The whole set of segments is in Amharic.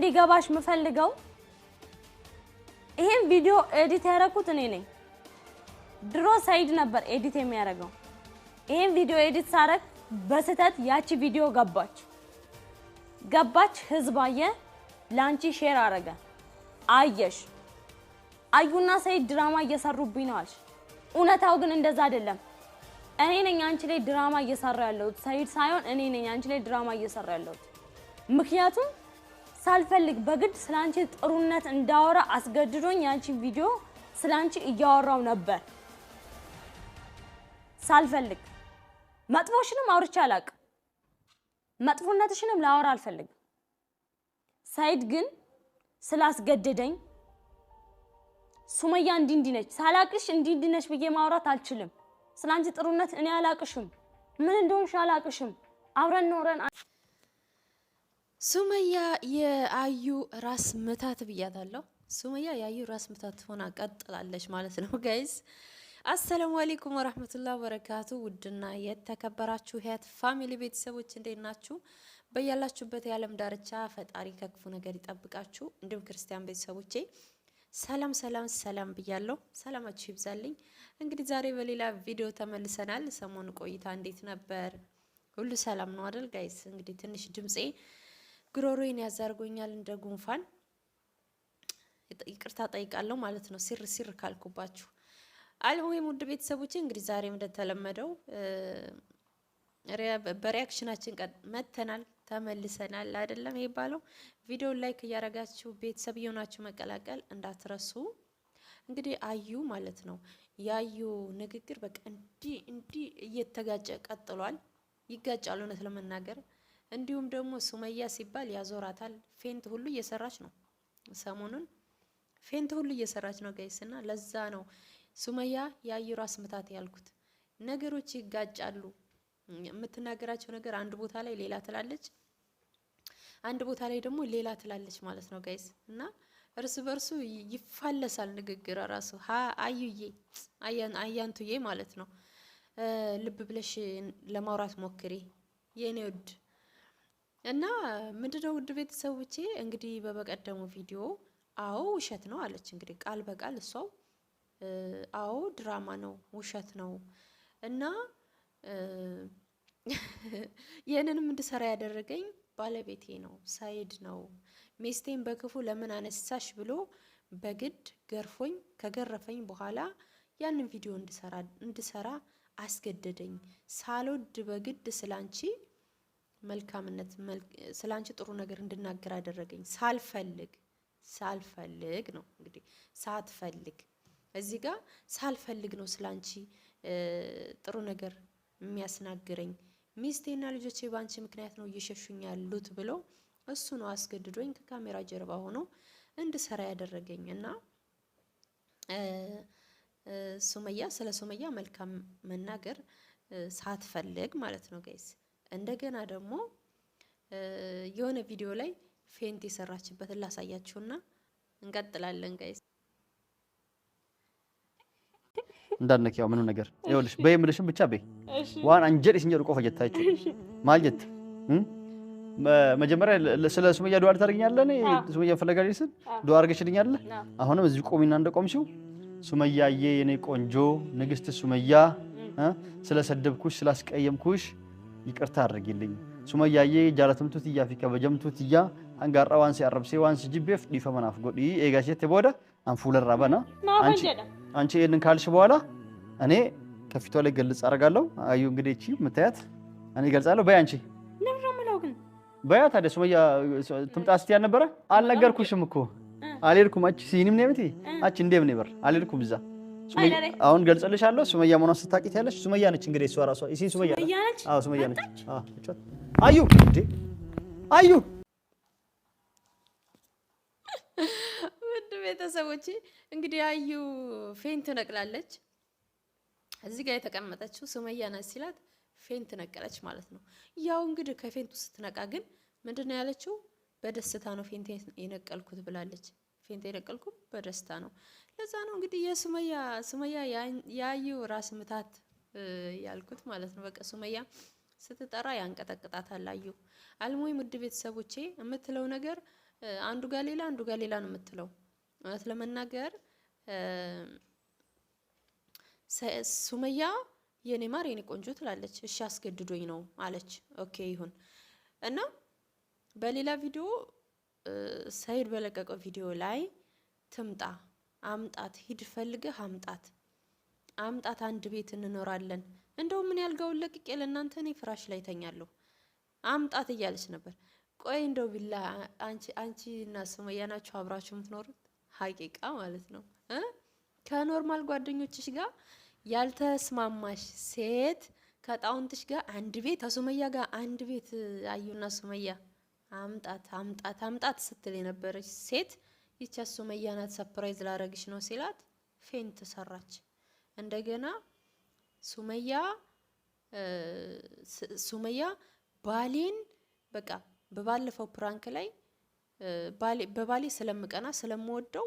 እንዲገባሽ የምፈልገው ይሄን ቪዲዮ ኤዲት ያደረኩት እኔ ነኝ። ድሮ ሳይድ ነበር ኤዲት የሚያደርገው። ይሄን ቪዲዮ ኤዲት ሳረግ በስህተት ያቺ ቪዲዮ ገባች ገባች፣ ህዝብ አየ፣ ላንቺ ሼር አረገ፣ አየሽ። አዩና ሰይድ ድራማ እየሰሩብኝ ነው አልሽ። እውነታው ግን እንደዛ አይደለም። እኔ ነኝ አንቺ ላይ ድራማ እየሰራ ያለሁት፣ ሰይድ ሳይሆን እኔ ነኝ አንቺ ላይ ድራማ እየሰራ ያለሁት። ምክንያቱም ሳልፈልግ በግድ ስላንቺ ጥሩነት እንዳወራ አስገድዶኝ ያንቺን ቪዲዮ ስላንቺ እያወራው ነበር። ሳልፈልግ መጥፎሽንም አውርቼ አላቅም። መጥፎነትሽንም ላወራ አልፈልግም። ሳይድ ግን ስላስገደደኝ ሱመያ እንዲህ እንዲህ ነች፣ ሳላቅሽ እንዲህ እንዲህ ነች ብዬ ማውራት አልችልም። ስላንቺ ጥሩነት እኔ አላቅሽም፣ ምን እንደሆንሽ አላቅሽም። አብረን ኖረን ሱመያ የአዩ ራስ ምታት ብያታለሁ። ሱመያ የአዩ ራስ ምታት ሆና ቀጥላለች ማለት ነው ጋይዝ። አሰላሙ አሌይኩም ወረህመቱላ ወበረካቱ። ውድና የተከበራችሁ ህያት ፋሚሊ ቤተሰቦች እንዴት ናችሁ? በያላችሁበት የዓለም ዳርቻ ፈጣሪ ከክፉ ነገር ይጠብቃችሁ። እንዲሁም ክርስቲያን ቤተሰቦቼ ሰላም ሰላም ሰላም ብያለሁ። ሰላማችሁ ይብዛልኝ። እንግዲህ ዛሬ በሌላ ቪዲዮ ተመልሰናል። ሰሞኑ ቆይታ እንዴት ነበር? ሁሉ ሰላም ነው አደል ጋይስ? እንግዲህ ትንሽ ድምፄ ጉሮሮዬን ያዛርጎኛል እንደ ጉንፋን። ይቅርታ ጠይቃለሁ ማለት ነው ሲር ሲር ካልኩባችሁ። አልሙሂም ውድ ቤተሰቦች እንግዲህ ዛሬም እንደተለመደው በሪያክሽናችን መተናል ተመልሰናል። አይደለም የሚባለው ቪዲዮ ላይክ እያረጋችሁ ቤተሰብ የሆናችሁ መቀላቀል እንዳትረሱ። እንግዲህ አዩ ማለት ነው ያዩ ንግግር በቃ እንዲህ እንዲህ እየተጋጨ ቀጥሏል። ይጋጫሉ እውነት ለመናገር እንዲሁም ደግሞ ሱመያ ሲባል ያዞራታል። ፌንት ሁሉ እየሰራች ነው፣ ሰሞኑን ፌንት ሁሉ እየሰራች ነው ጋይስ። እና ለዛ ነው ሱመያ የአየሯ ስምታት ያልኩት። ነገሮች ይጋጫሉ። የምትናገራቸው ነገር አንድ ቦታ ላይ ሌላ ትላለች፣ አንድ ቦታ ላይ ደግሞ ሌላ ትላለች ማለት ነው ጋይስ እና እርስ በርሱ ይፋለሳል ንግግር ራሱ አዩዬ አያንቱዬ ማለት ነው። ልብ ብለሽ ለማውራት ሞክሪ የኔ ውድ እና ምንድነው ውድ ቤተሰቦቼ እንግዲህ በበቀደሙ ቪዲዮ አዎ ውሸት ነው አለች። እንግዲህ ቃል በቃል እሷው አዎ ድራማ ነው ውሸት ነው እና ይህንንም እንድሰራ ያደረገኝ ባለቤቴ ነው፣ ሳይድ ነው። ሚስቴን በክፉ ለምን አነሳሽ ብሎ በግድ ገርፎኝ ከገረፈኝ በኋላ ያንን ቪዲዮ እንድሰራ አስገደደኝ። ሳልወድ በግድ ስላንቺ መልካምነት ስለ አንቺ ጥሩ ነገር እንድናገር አደረገኝ። ሳልፈልግ ሳልፈልግ ነው እንግዲህ ሳትፈልግ እዚህ ጋር ሳልፈልግ ነው ስለ አንቺ ጥሩ ነገር የሚያስናግረኝ። ሚስቴና ልጆቼ በአንቺ ምክንያት ነው እየሸሹኝ ያሉት ብሎ እሱ ነው አስገድዶኝ ከካሜራ ጀርባ ሆኖ እንድሰራ ያደረገኝ እና ሱመያ ስለ ሱመያ መልካም መናገር ሳትፈልግ ማለት ነው ጋይስ እንደገና ደግሞ የሆነ ቪዲዮ ላይ ፌንት የሰራችበትን ላሳያችሁና እንቀጥላለን ጋይስ። እንዳነክ ያው ምንም ነገር ይኸውልሽ፣ በይ የምልሽም ብቻ በይ። ዋን አንጀል ይስኛል ቆፈ ጀታችሁ ማልጀት መጀመሪያ ስለ ሱመያ ዱዓ ታደርግኛለህ። እኔ ሱመያ ፈለጋ ሊስል ዱዓ አድርገሽልኛለህ። አሁንም እዚህ ቆሚና እንደቆምሽው ሱመያዬ፣ የኔ ቆንጆ ንግስት ሱመያ፣ ስለሰደብኩሽ ስላስቀየምኩሽ ይቅርታ አድርጊልኝ ሱመያዬ ጃለተምቱት እያ ፊ ከበጀምቱት እያ አንጋራ ዋንስ ያረብሴ ዋንስ ጅቤፍ ዲፈመናፍ ጎዲ ኤጋሴት ቦደ አንፉለራ በና አንቺ ይህንን ካልሽ በኋላ እኔ ከፊቷ ላይ ገልጽ አደርጋለሁ። አዩ እንግዲህ እቺ የምታያት እኔ ገልጻለሁ። በይ አንቺ በያ ታዲያ ሱመያ ትምጣ ስትይ አልነበረ? አልነገርኩሽም እኮ አልሄድኩም። አቺ ሲኒም ነብቲ አቺ እንደም ነበር አልሄድኩም እዛ አሁን ገልጽልሻለሁ። ሱመያ መሆኗን ስታቂት ያለች ሱመያ ነች። እንግዲህ እሷ ራሷ እሺ፣ ሱመያ ነች። አዎ ሱመያ ነች። አዎ አዩ እንዴ አዩ ውድ ቤተሰቦቼ እንግዲህ አዩ ፌንት ነቅላለች። እዚህ ጋር የተቀመጠችው ሱመያ ናት ሲላት ፌንት ነቀለች ማለት ነው። ያው እንግዲህ ከፌንቱ ስትነቃ ግን ምንድን ነው ያለችው? በደስታ ነው ፌንት የነቀልኩት ብላለች። ፌንት የደቀልኩ በደስታ ነው። ለዛ ነው እንግዲህ የሱመያ ሱመያ ያዩ ራስ ምታት ያልኩት ማለት ነው። በቃ ሱመያ ስትጠራ ያንቀጠቅጣታል አዩ። አልሞይ ውድ ቤተሰቦቼ የምትለው ነገር አንዱ ጋ ሌላ አንዱ ጋ ሌላ ነው የምትለው። እውነት ለመናገር ሱመያ የኔ ማር የኔ ቆንጆ ትላለች። እሺ አስገድዶኝ ነው አለች። ኦኬ ይሁን እና በሌላ ቪዲዮ ሰይድ በለቀቀው ቪዲዮ ላይ ትምጣ፣ አምጣት፣ ሂድ ፈልገህ አምጣት፣ አምጣት፣ አንድ ቤት እንኖራለን፣ እንደውም ምን ያልጋውን ለቅቄ ለእናንተ እኔ ፍራሽ ላይ ተኛለሁ፣ አምጣት እያለች ነበር። ቆይ እንደው ቢላ አንቺ እና ሱመያ ናችሁ አብራችሁ የምትኖሩት ሀቂቃ ማለት ነው ከኖርማል ጓደኞችሽ ጋር ያልተስማማሽ ሴት ከጣውንትሽ ጋር አንድ ቤት ከሱመያ ጋር አንድ ቤት አዩና ሱመያ አምጣት አምጣት አምጣት ስትል የነበረች ሴት ይቻ ሱመያ ናት፣ ሰፕራይዝ ላረግሽ ነው ሲላት ፌንት ሰራች። እንደገና ሱመያ ሱመያ ባሌን በቃ በባለፈው ፕራንክ ላይ በባሌ ስለምቀና ስለምወደው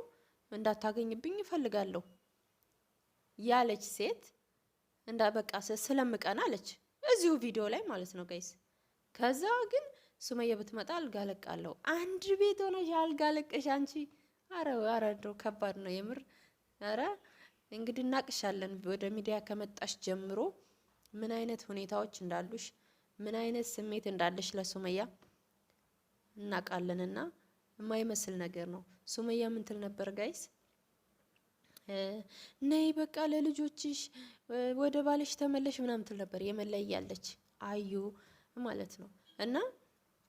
እንዳታገኝብኝ እፈልጋለሁ ያለች ሴት እንዳ በቃ ስለምቀና አለች፣ እዚሁ ቪዲዮ ላይ ማለት ነው ጋይስ። ከዛ ግን ሱመያ ብትመጣ አልጋ ለቃለሁ። አንድ ቤት ሆነሽ አልጋ ለቀሽ አንቺ። አረ አረ እንደው ከባድ ነው የምር። አረ እንግዲህ እናቅሻለን። ወደ ሚዲያ ከመጣሽ ጀምሮ ምን አይነት ሁኔታዎች እንዳሉሽ፣ ምን አይነት ስሜት እንዳለሽ ለሱመያ እናቃለንና የማይመስል ነገር ነው። ሱመያ ምን ትል ነበር ጋይስ? ነይ በቃ ለልጆችሽ ወደ ባልሽ ተመለሽ ምናምን ትል ነበር። የመለያለች አዩ ማለት ነው እና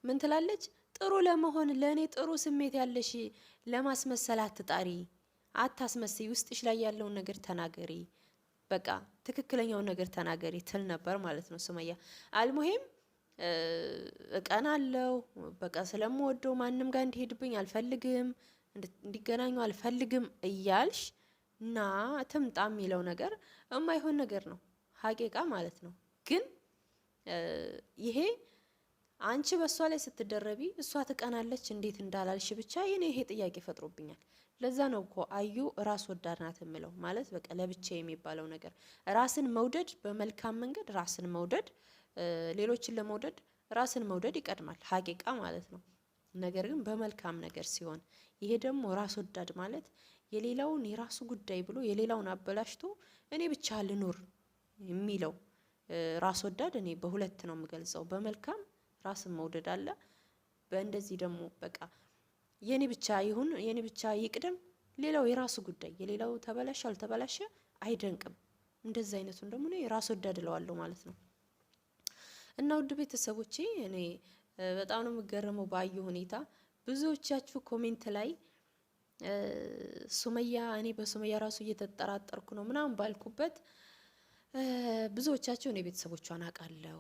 ምን ትላለች? ጥሩ ለመሆን ለእኔ ጥሩ ስሜት ያለሽ ለማስመሰል አትጣሪ፣ አታስመስይ፣ ውስጥሽ ላይ ያለውን ነገር ተናገሪ፣ በቃ ትክክለኛውን ነገር ተናገሪ ትል ነበር ማለት ነው ሱመያ። አልሙሄም እቀን አለው በቃ ስለምወደው ማንም ጋር እንዲሄድብኝ አልፈልግም፣ እንዲገናኙ አልፈልግም እያልሽ ና ትምጣ የሚለው ነገር የማይሆን ነገር ነው ሀቂቃ ማለት ነው ግን ይሄ አንቺ በእሷ ላይ ስትደረቢ እሷ ትቀናለች እንዴት እንዳላልሽ ብቻ ይህን ይሄ ጥያቄ ፈጥሮብኛል። ለዛ ነው እኮ አዩ ራስ ወዳድ ናት የምለው። ማለት በቃ ለብቻ የሚባለው ነገር ራስን መውደድ፣ በመልካም መንገድ ራስን መውደድ፣ ሌሎችን ለመውደድ ራስን መውደድ ይቀድማል፣ ሀቂቃ ማለት ነው። ነገር ግን በመልካም ነገር ሲሆን፣ ይሄ ደግሞ ራስ ወዳድ ማለት የሌላውን የራሱ ጉዳይ ብሎ የሌላውን አበላሽቶ እኔ ብቻ ልኑር የሚለው ራስ ወዳድ እኔ በሁለት ነው የምገልጸው በመልካም ራስን መውደድ አለ። በእንደዚህ ደግሞ በቃ የኔ ብቻ ይሁን የኔ ብቻ ይቅደም፣ ሌላው የራሱ ጉዳይ፣ የሌላው ተበላሸ አልተበላሸ አይደንቅም። እንደዚህ አይነቱን ደግሞ እኔ ራስ ወዳድ እለዋለሁ ማለት ነው። እና ውድ ቤተሰቦቼ እኔ በጣም ነው የምገረመው ባዩ ሁኔታ። ብዙዎቻችሁ ኮሜንት ላይ ሱመያ እኔ በሱመያ ራሱ እየተጠራጠርኩ ነው ምናምን ባልኩበት ብዙዎቻችሁ እኔ ቤተሰቦቿን አውቃለሁ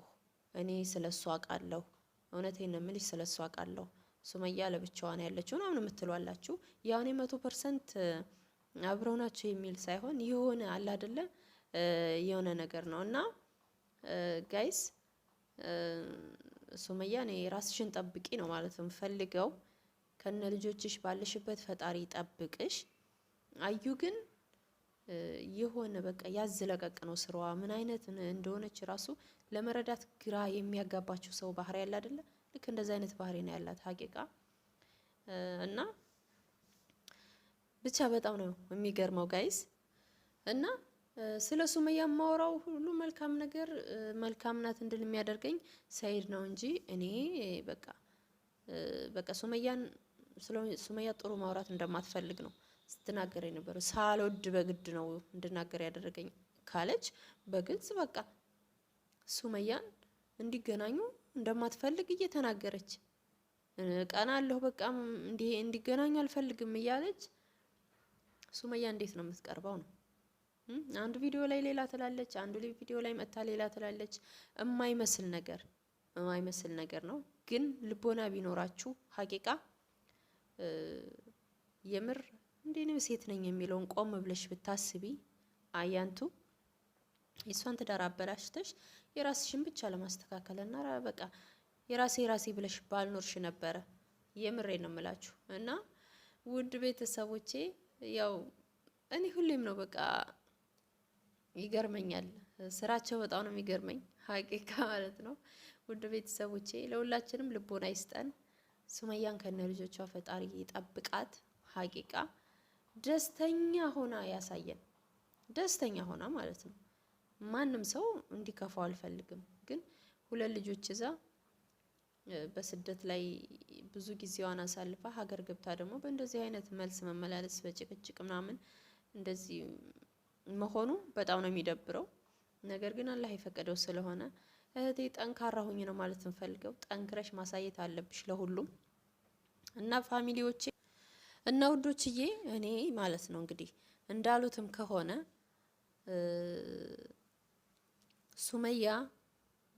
እኔ ስለ እሱ አውቃለሁ፣ እውነቴን ነው የምልሽ፣ ስለ እሷ አውቃለሁ፣ ሱመያ ለብቻዋን ያለችው ምናምን የምትሏላችሁ ያኔ መቶ ፐርሰንት አብረው ናቸው የሚል ሳይሆን የሆነ አለ አይደለ የሆነ ነገር ነው እና ጋይስ ሱመያ እኔ ራስሽን ጠብቂ ነው ማለት ነው ፈልገው ከነ ልጆችሽ ባለሽበት ፈጣሪ ጠብቅሽ። አዩ ግን የሆነ በቃ ያዝለቀቅ ነው ስራዋ። ምን አይነት እንደሆነች ራሱ ለመረዳት ግራ የሚያጋባቸው ሰው ባህሪ ያለ አይደለ? ልክ እንደዚ አይነት ባህሪ ነው ያላት ሀቂቃ እና ብቻ በጣም ነው የሚገርመው ጋይስ እና ስለ ሱመያ የማወራው ሁሉ መልካም ነገር መልካም ናት እንድል የሚያደርገኝ ሰይድ ነው እንጂ እኔ በቃ በቃ ሱመያን ስለ ሱመያ ጥሩ ማውራት እንደማትፈልግ ነው ስትናገር የነበረው ሳልወድ በግድ ነው እንድናገር ያደረገኝ ካለች በግልጽ በቃ ሱመያን እንዲገናኙ እንደማትፈልግ እየተናገረች ቀና አለሁ በቃ እንዲገናኙ አልፈልግም እያለች ሱመያ እንዴት ነው የምትቀርበው? ነው አንዱ ቪዲዮ ላይ ሌላ ትላለች፣ አንዱ ቪዲዮ ላይ መታ ሌላ ትላለች። የማይመስል ነገር የማይመስል ነገር ነው። ግን ልቦና ቢኖራችሁ ሀቂቃ የምር እንዴንም ሴት ነኝ የሚለውን ቆም ብለሽ ብታስቢ አያንቱ የእሷን ትዳር አበላሽተሽ የራስሽን ብቻ ለማስተካከል ና በቃ የራሴ ራሴ ብለሽ ባልኖርሽ ነበረ። የምሬ ነው የምላችሁ። እና ውድ ቤተሰቦቼ ያው እኔ ሁሌም ነው በቃ ይገርመኛል። ስራቸው በጣም ነው የሚገርመኝ ሀቂቃ ማለት ነው። ውድ ቤተሰቦቼ ለሁላችንም ልቦና ይስጠን። ሱመያን ከነ ልጆቿ ፈጣሪ ይጠብቃት ሀቂቃ ደስተኛ ሆና ያሳየን። ደስተኛ ሆና ማለት ነው። ማንም ሰው እንዲከፋው አልፈልግም፣ ግን ሁለት ልጆች እዛ በስደት ላይ ብዙ ጊዜዋን አሳልፋ ሀገር ገብታ ደግሞ በእንደዚህ አይነት መልስ መመላለስ በጭቅጭቅ ምናምን እንደዚህ መሆኑ በጣም ነው የሚደብረው። ነገር ግን አላህ የፈቀደው ስለሆነ እህቴ ጠንካራ ሁኝ ነው ማለት እንፈልገው። ጠንክረሽ ማሳየት አለብሽ ለሁሉም እና ፋሚሊዎቼ እና ውዶችዬ እኔ ማለት ነው እንግዲህ እንዳሉትም ከሆነ ሱመያ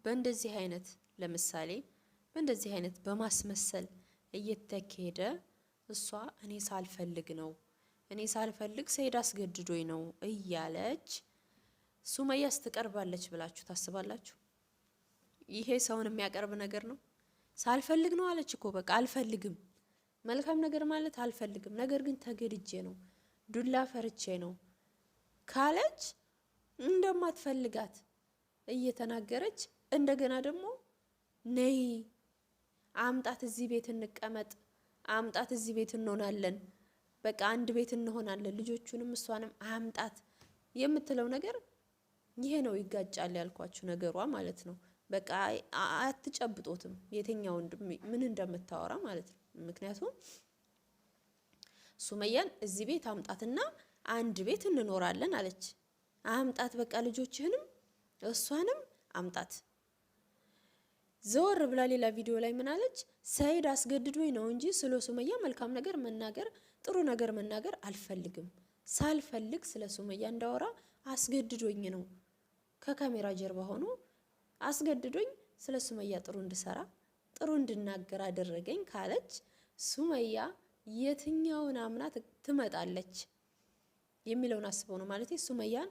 በእንደዚህ አይነት ለምሳሌ በእንደዚህ አይነት በማስመሰል እየተካሄደ እሷ እኔ ሳልፈልግ ነው እኔ ሳልፈልግ ሰይድ አስገድዶኝ ነው እያለች ሱመያስ ትቀርባለች ብላችሁ ታስባላችሁ? ይሄ ሰውን የሚያቀርብ ነገር ነው? ሳልፈልግ ነው አለች እኮ በቃ አልፈልግም መልካም ነገር ማለት አልፈልግም፣ ነገር ግን ተገድጄ ነው፣ ዱላ ፈርቼ ነው ካለች እንደማትፈልጋት እየተናገረች እንደገና ደግሞ ነይ አምጣት፣ እዚህ ቤት እንቀመጥ፣ አምጣት፣ እዚህ ቤት እንሆናለን፣ በቃ አንድ ቤት እንሆናለን፣ ልጆቹንም እሷንም አምጣት የምትለው ነገር ይሄ ነው። ይጋጫል ያልኳችሁ ነገሯ ማለት ነው። በቃ አትጨብጦትም፣ የትኛው ምን እንደምታወራ ማለት ነው። ምክንያቱም ሱመያን እዚህ ቤት አምጣትና አንድ ቤት እንኖራለን አለች። አምጣት በቃ ልጆችህንም እሷንም አምጣት። ዘወር ብላ ሌላ ቪዲዮ ላይ ምን አለች? ሰይድ አስገድዶኝ ነው እንጂ ስለ ሱመያ መልካም ነገር መናገር ጥሩ ነገር መናገር አልፈልግም። ሳልፈልግ ስለ ሱመያ እንዳወራ አስገድዶኝ ነው፣ ከካሜራ ጀርባ ሆኖ አስገድዶኝ ስለ ሱመያ ጥሩ እንድሰራ ጥሩ እንድናገር አደረገኝ ካለች ሱመያ የትኛውን አምና ትመጣለች የሚለውን አስበው ነው ማለት ሱመያን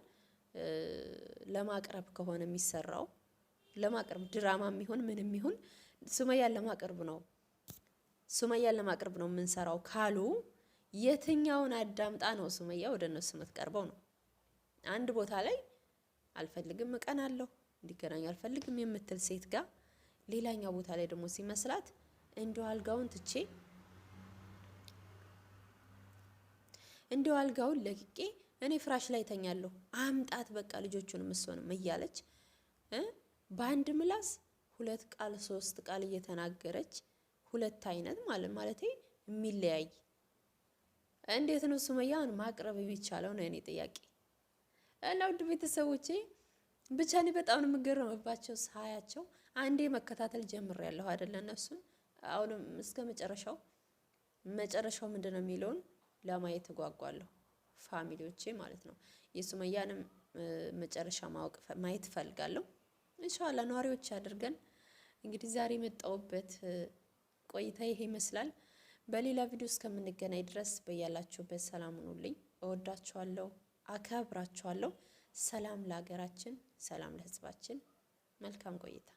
ለማቅረብ ከሆነ የሚሰራው ለማቅረብ ድራማ የሚሆን ምንም ይሁን ሱመያን ለማቅረብ ነው ሱመያን ለማቅረብ ነው የምንሰራው ካሉ የትኛውን አዳምጣ ነው ሱመያ ወደ እነሱ የምትቀርበው ነው። አንድ ቦታ ላይ አልፈልግም፣ እቀናለሁ፣ እንዲገናኙ አልፈልግም የምትል ሴት ጋር ሌላኛው ቦታ ላይ ደግሞ ሲመስላት እንደው አልጋውን ትቼ እንደው አልጋውን ለቅቄ እኔ ፍራሽ ላይ ተኛለሁ፣ አምጣት በቃ ልጆቹንም እሷንም እያለች በአንድ ምላስ ሁለት ቃል ሶስት ቃል እየተናገረች ሁለት አይነት ማለት ማለት የሚለያይ እንዴት ነው ሱመያን ማቅረብ የሚቻለው ነው የኔ ጥያቄ። እና ውድ ቤተሰቦቼ ብቻ እኔ በጣም ነው የምገረምባቸው ሳያቸው አንዴ መከታተል ጀምሬያለሁ አይደለ? እነሱን አሁንም እስከ መጨረሻው መጨረሻው ምንድን ነው የሚለውን ለማየት እጓጓለሁ። ፋሚሊዎቼ ማለት ነው የሱመያንም መጨረሻ ማወቅ ማየት እፈልጋለሁ። እንሻላ ነዋሪዎች አድርገን እንግዲህ ዛሬ የመጣውበት ቆይታ ይሄ ይመስላል። በሌላ ቪዲዮ እስከምንገናኝ ድረስ በያላችሁበት ሰላም ሁኑልኝ። እወዳችኋለሁ፣ አከብራችኋለሁ። ሰላም ለሀገራችን፣ ሰላም ለሕዝባችን። መልካም ቆይታ